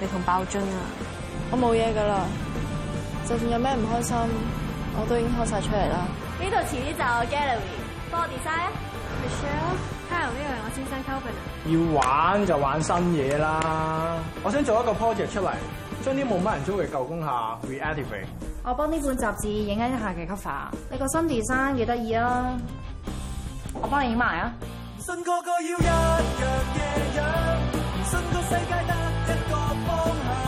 你同爆樽啊，我冇嘢噶啦。就算有咩唔開心，我都已經開晒出嚟啦。呢度遲啲就 gallery，幫我 design 啊。Michelle，Hello，呢位我先生 Cofner。要玩就玩新嘢啦。我想做一個 project 出嚟，將啲冇乜人租嘅舊工廈 reactivate。我幫呢本雜誌影一下嘅 cover。你個新 design 幾得意啊？我幫你影埋啊。要世界。風寒。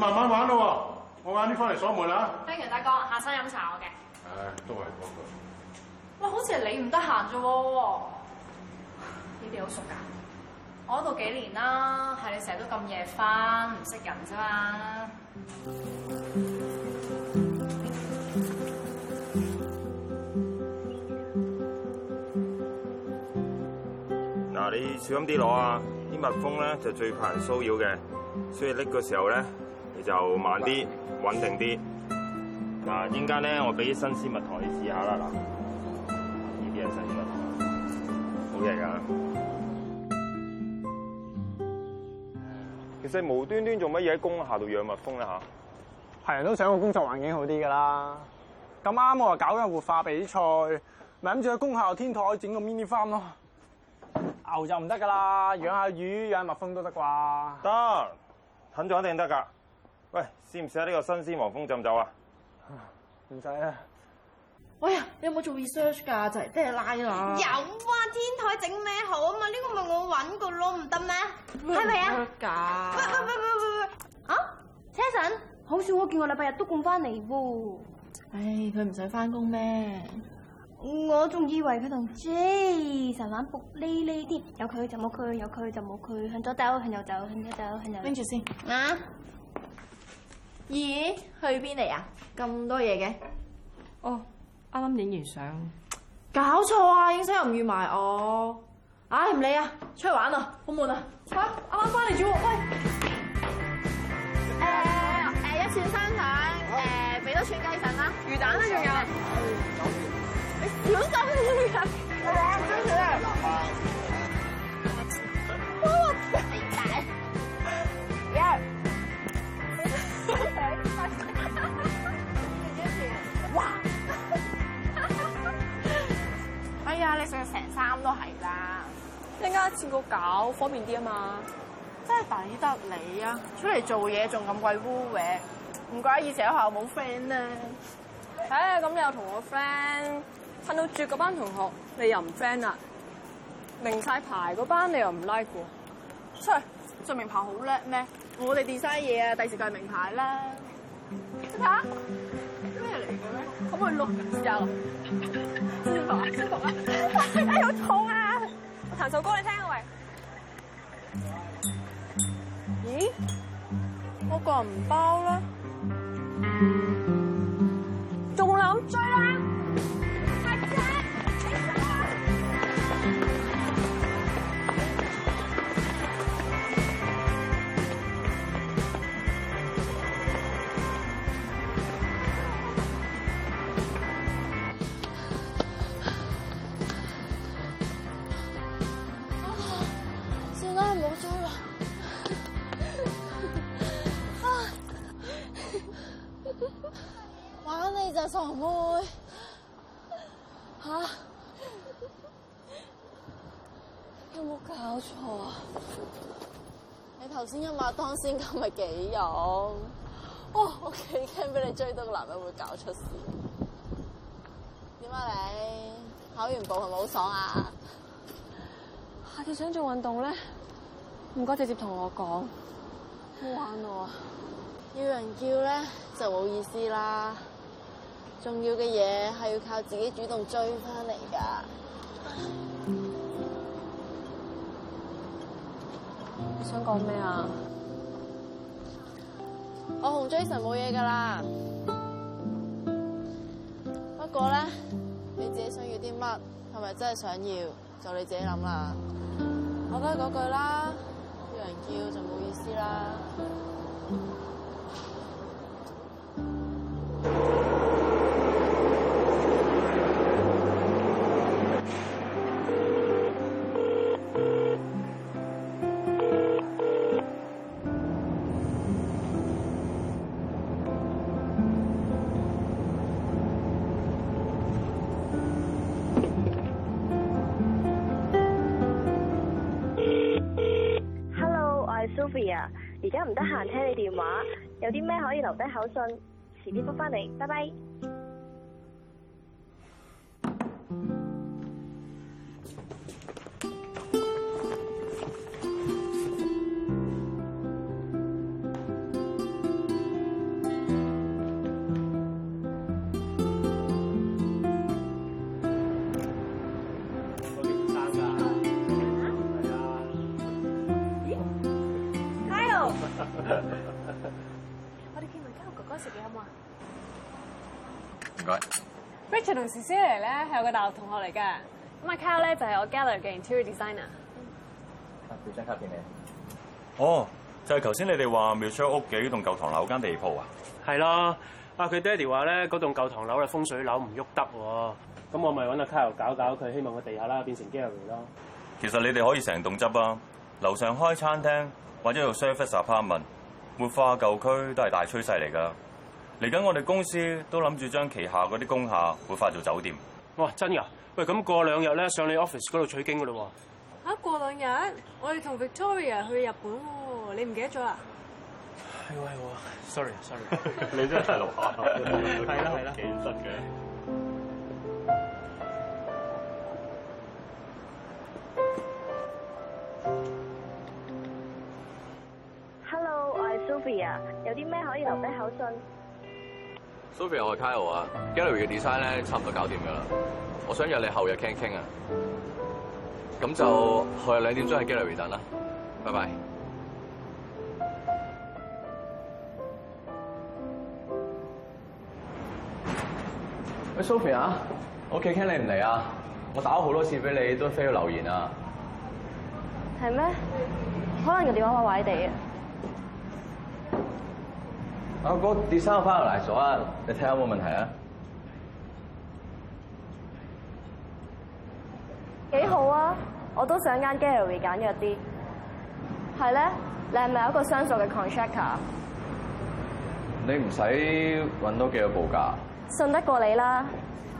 慢慢玩咯，我晏啲翻嚟鎖門啦。聽日大哥下山飲茶我嘅，唉，都係嗰個。好似係你唔得閒啫喎，呢啲好熟噶，我度幾年啦，係你成日都咁夜翻，唔識人啫嘛。嗱， 你小心啲攞啊，啲蜜蜂咧就最怕人騷擾嘅，所以拎嘅時候咧。就慢啲，穩定啲。嗱，依家咧，我俾啲新鮮蜜糖你試下啦。嗱、嗯，呢啲係新鮮蜜糖，好嘢㗎、嗯。其實無端端做乜嘢喺工廈度養蜜蜂咧？嚇，係人都想個工作環境好啲㗎啦。咁啱我又搞緊活化比賽，咪諗住喺工廈天台整個 mini farm 咯。牛就唔得㗎啦，養下魚、養蜜蜂都得啩？得，肯定一定得㗎。喂，試唔試下呢個新鮮黃蜂浸酒啊？唔使啊！喂呀，你有冇做 research 噶就嚟 dead 啦！有啊，天台整咩好啊嘛？呢、這個咪我揾個咯，唔得咩？係咪啊？假！喂喂喂喂喂啊，Jason 好似我見我禮拜日都搬翻嚟喎。唉、哎，佢唔想翻工咩？我仲以為佢同 J 晨晚仆呢呢啲，有佢就冇佢，有佢就冇佢，向左走，向右走，向左走，向右走。跟住先。啊？咦，去邊嚟啊？咁多嘢嘅。哦，啱啱影完相。搞錯啊！影相又唔預埋我。唉，唔理啊，出去玩啊，好悶啊。啊，啱啱翻嚟煮。喂、嗯，誒、欸、誒、欸，一串生腸，誒、欸，俾多串雞腎啦，魚蛋啦，仲有。你小心啲啊！成衫都係啦，一陣間似個搞，方便啲啊嘛，真係抵得你啊！出嚟做嘢仲咁鬼污嘢，唔怪以前學校冇 friend 啦。唉、哎，咁你又同我 friend，瞓到住嗰班同學，你又唔 friend 啦？名晒牌嗰班你又唔 like 過？出去做名牌好叻咩？我哋 design 嘢啊，第時就係名牌啦。嚇？咩嚟嘅可咩？咁咪錄音架咯。試試哎，好痛啊！我彈首歌你聽啊，喂。咦？我個人唔包啦，仲諗追？啊、當先咁咪幾勇？哇、哦！我幾驚俾你追到個男人會搞出事。點解你，跑完步好唔好爽啊？下次想做運動咧，唔該直接同我講。好玩喎，要人叫咧就冇意思啦。重要嘅嘢係要靠自己主動追翻嚟噶。你想講咩啊？我同 Jason 冇嘢噶啦，不過咧，你自己想要啲乜，係咪真係想要？就你自己諗啦。我都係嗰句啦，要人叫就冇意思。得唔得閒聽你電話，有啲咩可以留低口信，遲啲覆翻你，拜拜。同時先嚟咧係我個大學同學嚟嘅，咁阿 Carl 咧就係、是、我 Gallery 嘅 Interior Designer。睇張卡片你。哦，就係頭先你哋話 m i 屋企嗰棟舊唐樓間地鋪啊？係啦。啊佢爹哋話咧，嗰棟舊唐樓嘅風水樓唔喐得喎，咁我咪揾阿 Carl 搞搞佢，希望個地下啦變成 Gallery 咯。其實你哋可以成棟執啊，樓上開餐廳或者做 Service Apartment，活化舊區都係大趨勢嚟㗎。嚟緊，我哋公司都諗住將旗下嗰啲工廈活化做酒店。哇，真㗎！喂，咁過兩日咧，上你 office 嗰度取經㗎啦喎。吓，過兩日我哋同 Victoria 去日本喎，你唔記得咗啦？係喎係喎，sorry sorry， 你真係太老下，係啦係啦，幾實嘅。Hello，我係 Sophia，有啲咩可以留低口信？Sophie 啊，我係 Kyle 啊，gallery 嘅 design 咧差唔多搞掂噶啦，我想約你後日傾一傾啊，咁就後日兩點鐘喺 gallery 等啦，拜拜。喂，Sophie 啊，我屋企傾你唔嚟啊，我打咗好多次俾你都飛去留言啊，係咩？可能個電話壞壞地啊。阿哥 design 翻嚟咗啊，你睇下有冇問題啊？幾好啊！我都想間 gallery 簡約啲。係咧，你係咪有一個相熟嘅 contractor？你唔使揾多幾個報價。信得過你啦。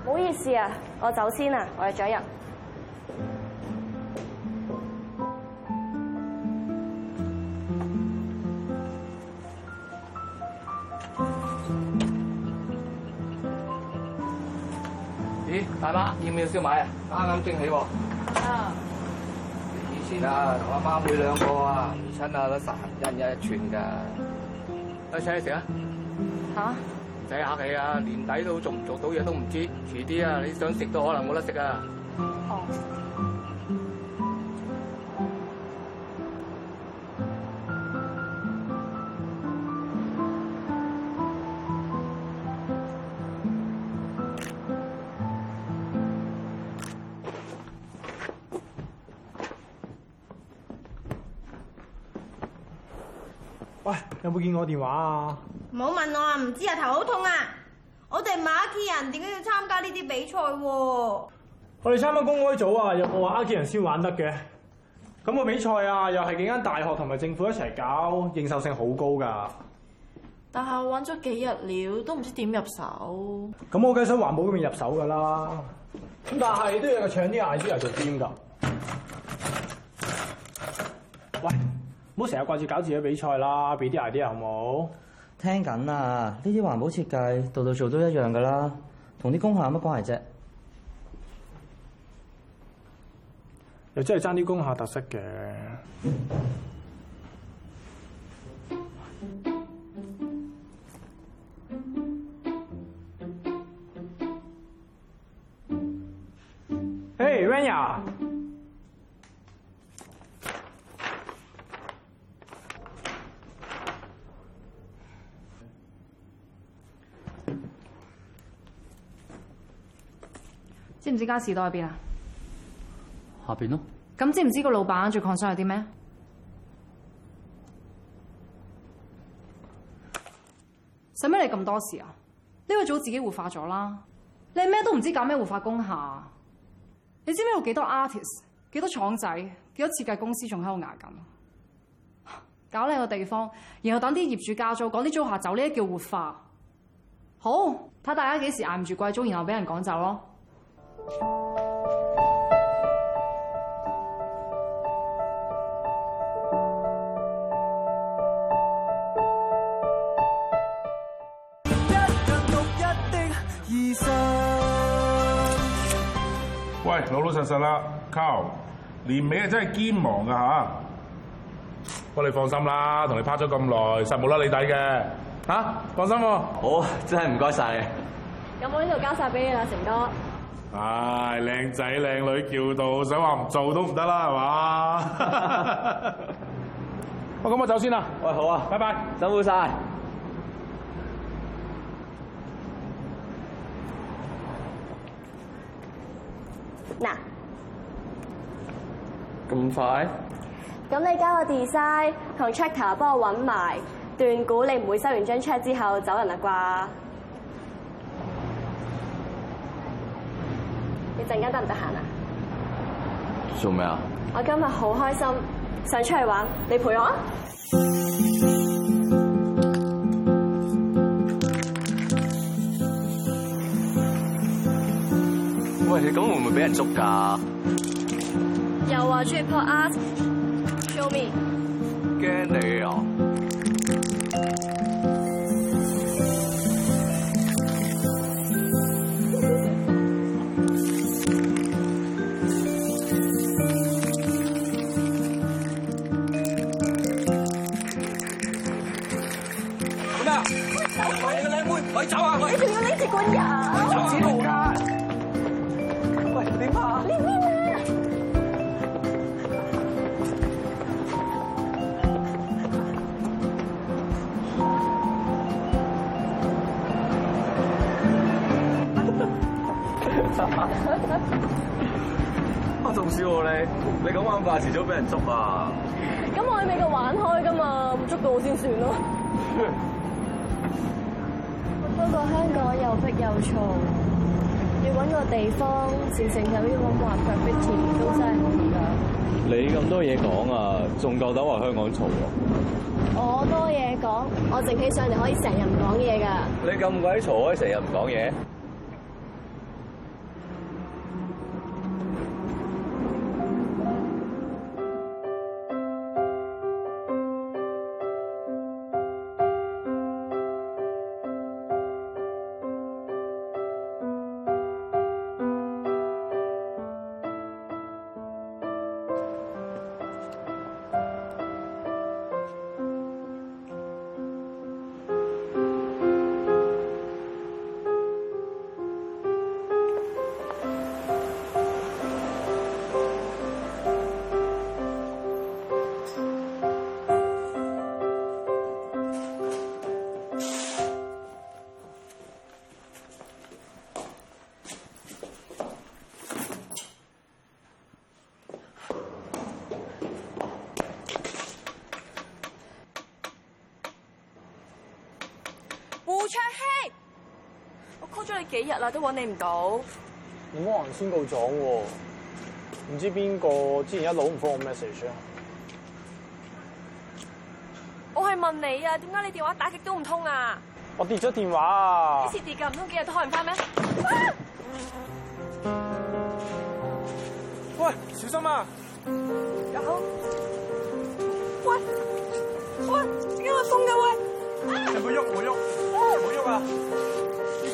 唔好意思啊，我先走先啊，我係主任。大媽，要唔要燒賣啊？啱啱蒸起喎。嗯嗯。啊！以前啊，同阿媽妹兩個啊，姨親啊都實行，一人有一串㗎。去請你食啊！吓？唔使客氣啊，年底都做唔做到嘢都唔知，遲啲啊，你想食都可能冇得食啊。嗯。哦。喂、哎，有冇見我電話啊？唔好問我啊，唔知啊，頭好痛啊！我哋馬 K 人點解要參加呢啲比賽、啊？我哋參加公開組、那個、啊，又冇話阿 K 人先玩得嘅。咁個比賽啊，又係幾間大學同埋政府一齊搞，認受性好高噶。但係我玩咗幾日了，都唔知點入手。咁我梗想環保方面入手噶啦。咁但係都要個搶啲 idea 做先噶。喂、哎。唔好成日掛住搞自己比賽啦，俾啲 idea 好冇？好，聽緊啊，呢啲環保設計度度做都一樣噶啦，同啲工廈有乜關係啫？又真係爭啲工廈特色嘅。哎，Ranya 知唔知加士多喺邊啊？下邊咯。咁知唔知個老闆最緊張係啲咩？使乜你咁多事啊？呢、呢個組自己活化咗啦。你咩都唔知，搞咩活化工廈？你知唔知有幾多 artist、幾多廠仔、幾多設計公司仲喺度挨緊？搞靚個地方，然後等啲業主加租，趕啲租客走，呢叫活化。好，睇大家幾時挨唔住貴租，然後俾人趕走咯。一喂，老老實實啦靠，年尾真啊，真係堅忙噶吓。不過你放心啦，同你拍咗咁耐，實冇甩你底嘅。吓、啊，放心。好，真係唔該晒你。咁我呢度交晒俾你啦，成哥。唉，靚仔靚女叫到想說不不，想話唔做都唔得啦，係 嘛？喂，我咁我走先啦。喂，好啊，拜拜，辛苦晒！嗱，咁快？咁你交個 design 同 tracker 幫我揾埋，斷估你唔會收完張 check 之後走人啦啩？你陣間得唔得閒啊？做咩啊？我今日好開心，想出去玩，你陪我啊！喂，你咁會唔會俾人捉㗎？又話追拍啊！笑我！驚你啊！俾人捉啊！咁我喺美國玩開噶嘛，唔捉到我先算咯。 不過香港又逼又嘈，要搵個地方靜靜咁搵滑腳壁田都真係唔易噶。你咁多嘢講啊，仲夠膽話香港嘈？我多嘢講，我靜起上嚟可以成日唔講嘢噶。你咁鬼嘈，可以成日唔講嘢？幾日啦，都揾你唔到。我先告狀喎，唔知邊個之前一路唔放我 message？我係問你啊，點解你電話打極都唔通啊？我跌咗電話啊！幾時跌噶，唔通幾日都開唔翻咩？喂，小心啊！呀好！喂喂，點解風嘅喂？唔好喐，冇喐，冇喐啊！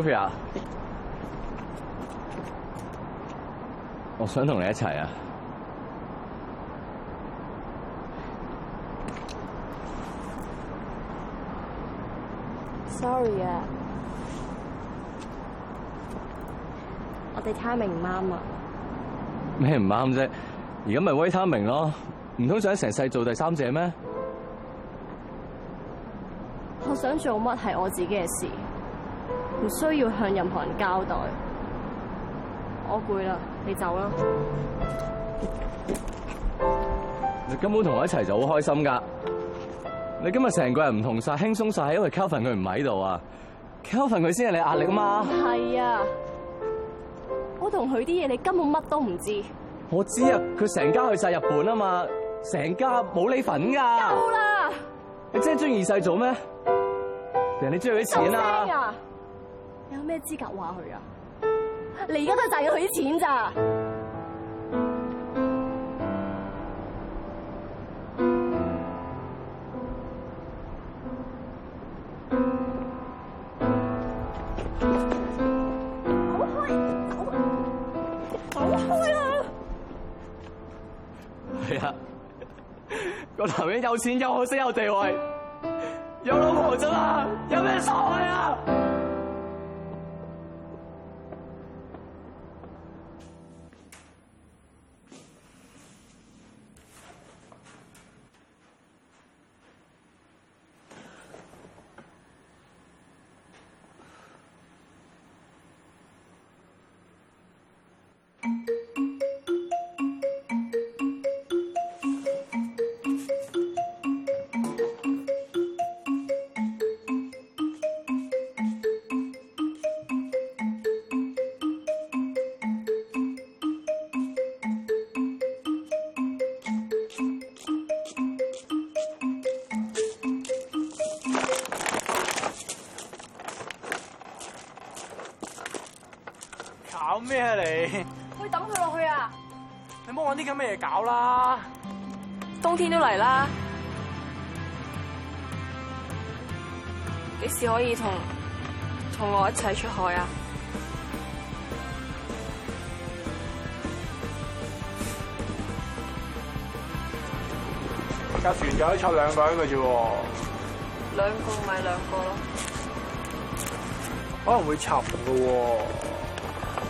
Sophia，我想同你一齊啊。Sorry 啊，我哋 timing 唔啱啊。咩唔啱啫？而家咪威 timing 咯，唔通想成世做第三者咩？我想做乜係我自己嘅事。唔需要向任何人交代，我攰啦，你走啦。你根本同我一齊就好開心噶，你今日成個人唔同晒，輕鬆晒，係因為 Calvin 佢唔喺度啊。Calvin 佢先係你壓力啊嘛。係啊，我同佢啲嘢你根本乜都唔知。我知啊，佢成家去晒日本啊嘛，成家冇你份噶。夠啦！你真係中意二世做咩？人你中意畀錢啊？你有咩資格話佢啊？你現在他的而家都係賺緊佢啲錢咋？走開，走，走開啦！係啊，個男人有錢，有學識，有地位，有老婆咋嘛？有咩所謂啊？ 咩嚟？去等佢落去啊！你唔好搵啲咁嘅嘢搞啦！冬天都嚟啦，幾時可以同同我一齊出海啊？架船就可坐兩百個啫喎，兩個咪兩個咯，可能會沉噶喎。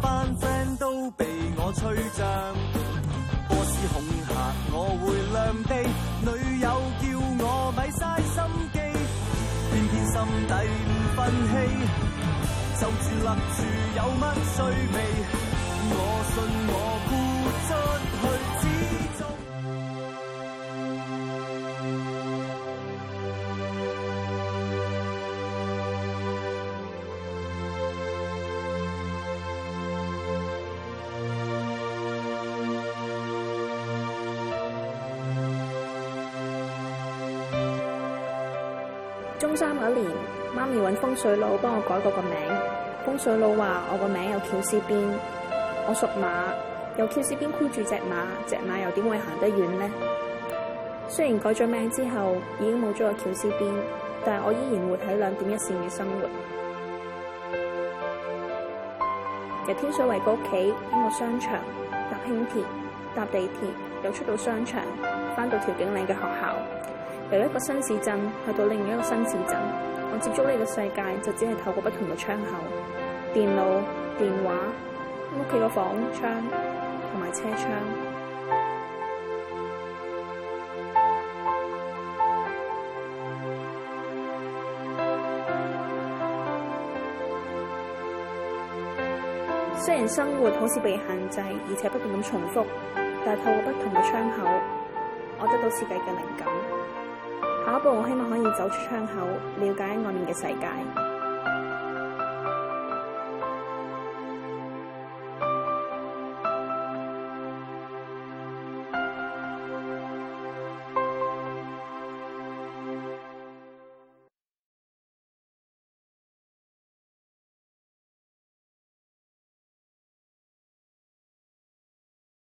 班 friend 都被我吹脹，波斯恐嚇我會量地，女友叫我咪嘥心機，偏偏心底唔忿氣，就住立住有乜趣味？我信我豁出去。風水佬幫我改過個名，風水佬話我個名有絞絲邊，我屬馬，有絞絲邊箍住隻馬，隻馬又點會行得遠呢？雖然改咗名之後已經冇咗個絞絲邊，但係我依然活喺兩點一線嘅生活，由天水圍個屋企經過商場搭輕鐵、搭地鐵，又出到商場，翻到調景嶺嘅學校，由一個新市鎮去到另一個新市鎮。接觸呢個世界就只係透過不同嘅窗口，電腦、電話、屋企個房窗同埋車窗。雖然生活好似被限制，而且不斷咁重複，但透過不同嘅窗口，我得到設計嘅靈感。下一步，我希望可以走出窗口，了解外面的世界。